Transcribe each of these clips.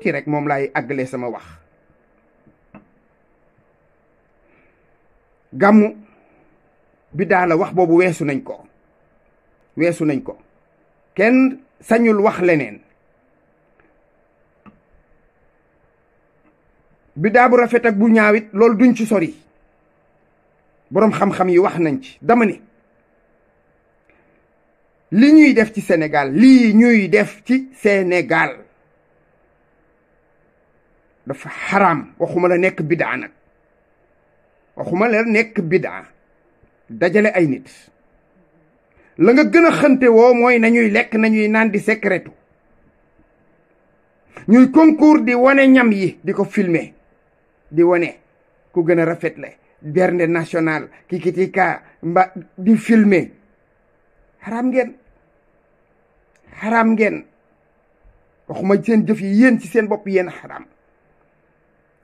tuuti rek moom laay àggale sama wax gàmmu bi daa la wax boobu weesu nañ ko weesu nañ ko kenn sañul wax leneen bidaa bu rafet ak bu ñaawit loolu duñ ci sori boroom xam-xam yi wax nañ ci dama ne li ñuy def ci senegaal lii ñuy def ci Sénégal dafa xaraam waxuma la nekk bidaa nag waxuma la nekk bidaa dajale ay nit la nga gën a xante woo mooy nañuy lekk nañuy naan di secretu ñuy concours di wane ñam yi di ko filmer di wane ku gën a rafetle bernde national kikitika mba di filmer xaram ngeen xaram ngeen waxuma seen jëf yi yéen ci seen bopp yenn xaram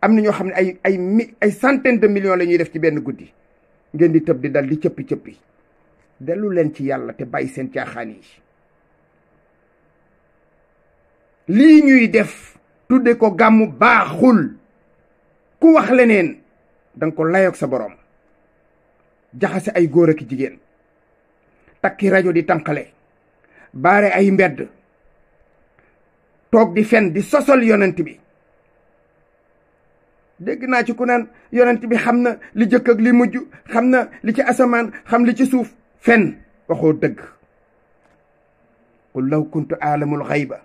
am na ñoo xam ay ay ay centaine de millions lañuy def ci benn goudi ngeen di tëb di dal di cëppi cëppi delu len ci yalla te bay seen caaxaan yi lii ñuy def tudde ko gamu baaxul ku wax leneen dang ko layoog sa borom jaxase ay goor ak jigen takki radio di bare ay mbedd tok di fen di sosol yonent bi dégg naa ci ku naan yonent bi xam na li jëkk li mujj xam na li ci asamaan xam li ci suuf fenn waxoo dëgg qul law kuntu aalamul xayba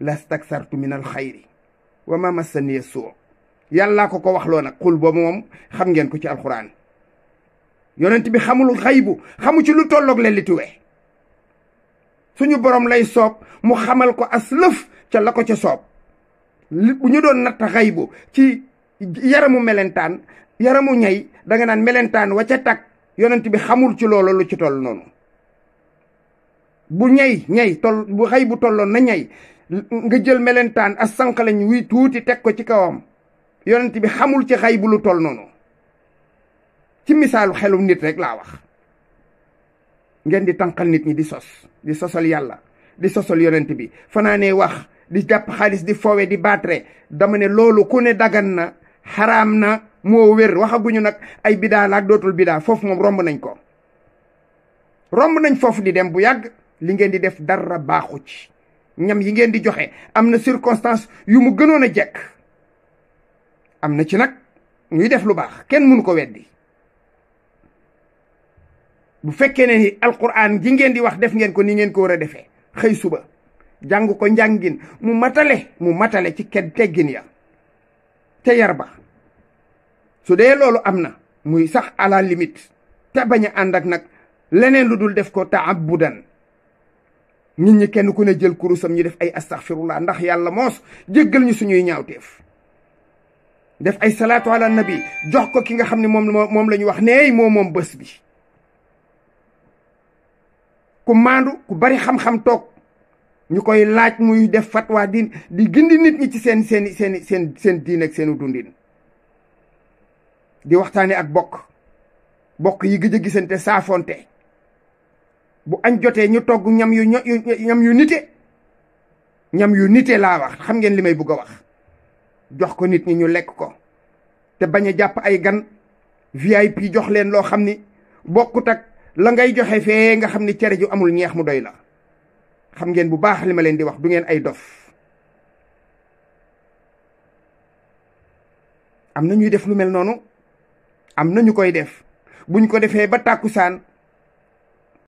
lastaksartu min al xayri wa ma massaniya suu yàllaa ko ko waxloo nag xul boobu moom xam ngeen ko ci alxuraan yonent bi xamul xaybu xamu ci lu tolloog leen li tuwee suñu boroom lay soob mu xamal ko aslëf ca la ko ca soob bu ñu doon natt xaybu ci yaramu melentaan yaramu ñay da nga naan melentaan wa ca takk yonent bi xamul ci loolu lu ci toll noonu bu ñay ñay bu xëy bu tolloon na ñay nga jël melentaan as sànq wi tuuti teg ko ci kawam yonent bi xamul ci xëy bu lu toll noonu ci misaalu xelum nit rek laa wax ngeen di tànqal nit ñi di sos di sosol yàlla di sosal yonent bi fanaanee wax di jàpp xaalis di foowe di baatre dama ne loolu ku ne dagan na haram na moo wér waxaguñu nag ay bidaa laag dootul bidaa foofu moom romb nañ ko romb nañ foofu di dem bu yàgg li ngeen di def dara baaxu ci ñam yi ngeen di joxe am na circonstance yu mu gënoon a jekk am na ci nag ñuy def lu baax kenn mënu ko weddi bu fekkee ne ni alquran gi ngeen di wax def ngeen ko ni ngeen ko war a defee xëy suba jàng ko njàngin mu matale mu matale ci kenn teggin ya te yar ba su dee loolu am na muy sax à la limite te bañ a ànd ak nag def ko taabudan nit ñi kenn ku ne jël kurusam ñu def ay astaghfirullah ndax yàlla moos jéggal ñu suñuy ñaawteef def ay salaatu ala nabi jox ko ki nga xam ne moom moom la ñu wax neey moo moom bi ku maandu ku bari xam-xam toog ñu koy laaj muy def fatwa di di gindi nit ñi ci seen seen seen seen seen diin ak seenu dundin di waxtaane ak bokk bokk yi gëj a gisante saafonte bu añ jotee ñu togg ñam yu ñam yu nite ñam yu nite laa wax xam ngeen li may bëgg a wax jox ko nit ñi ñu lekk ko te bañ jàpp ay gan VIP jox leen loo xam ni bokkut ak la ngay joxe fee nga xam ni cere ju amul ñeex mu doy la xam ngeen bu baax li ma leen di wax du ngeen ay dof am na ñuy def lu mel noonu am na ñu koy def buñ ko defee ba tàkkusaan